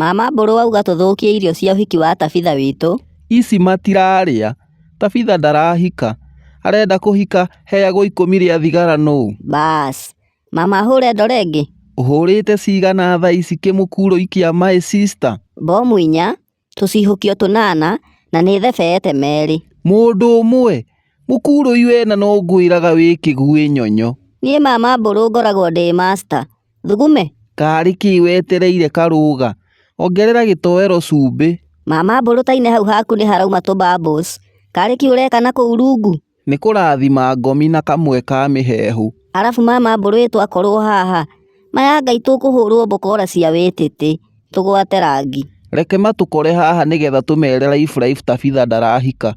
Mama mburu auga tuthukie irio cia uhiki wa Tabitha witũ ici matirarĩa. Tabitha ndarahika. Arenda kũhika heagwo ikũmi rĩa thigara nũũ? bas Mama hũre ndore ĩngĩ. Ũhũrĩte cigana thaa ici kĩmũkurũ-inĩ kĩa my sister? Mbomu inya, tũcihũkio tũnana na nĩthebeete merĩ. Mũndũ ũmwe? Mũkurũ-i wena no ngwĩraga wĩ kĩguĩ nyonyo. Niĩ mama Mbũrũ ngoragwo ndĩ master. Thugume? Karĩ kĩĩ wetereire karũga? Ongerera gĩtoero cumbĩ. Mama mbũrũta taine hau haku ni harauma babos Karĩ ki na nakũu rungu? Nĩ kũrathima ngomi na kamwe ka mihehu Arabu mama mbũrũ akorwo haha, maya Ngai tũkũhũrwo bokora cia wetete tũgwate rangi. Reke matukore haha nĩgetha tũmeere Life Life Tabitha ndarahika.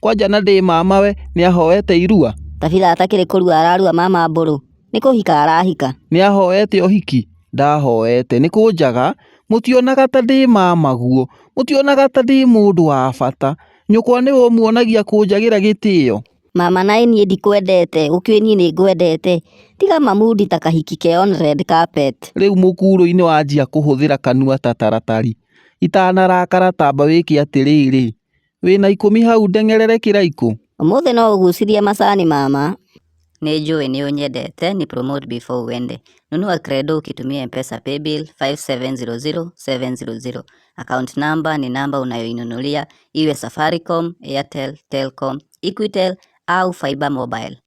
Kwanja na we ni ahoete irua? Tabitha atakire kurua ararua mama mbũrũ, nĩ kũhika arahika. Nĩahoete ohiki ndahoete nä kå njaga må tionaga ta ndä mamaguo må tionaga ta ndä må ndå wa bata nyå kwa nä we muonagia kå njagä ra gä tä o mama naä niä ndikwendete å kä niä nä ngwendete tiga mamundi ta kahiki ke rä u må kurå-inä wanjia kå hå thä ra kanua ta taratari itanarakara tamba wä kä atä rä rä wä na ikå mi hau ndengerere kä raikå må thä no å gucirie macani mama Nejo eneo nĩ te ni promote before uende. Nunua Credo ukitumia Mpesa Paybill 5700700. Account number ni namba unayoinunulia iwe Safaricom, Airtel, Telcom, Equitel au fiber Mobile.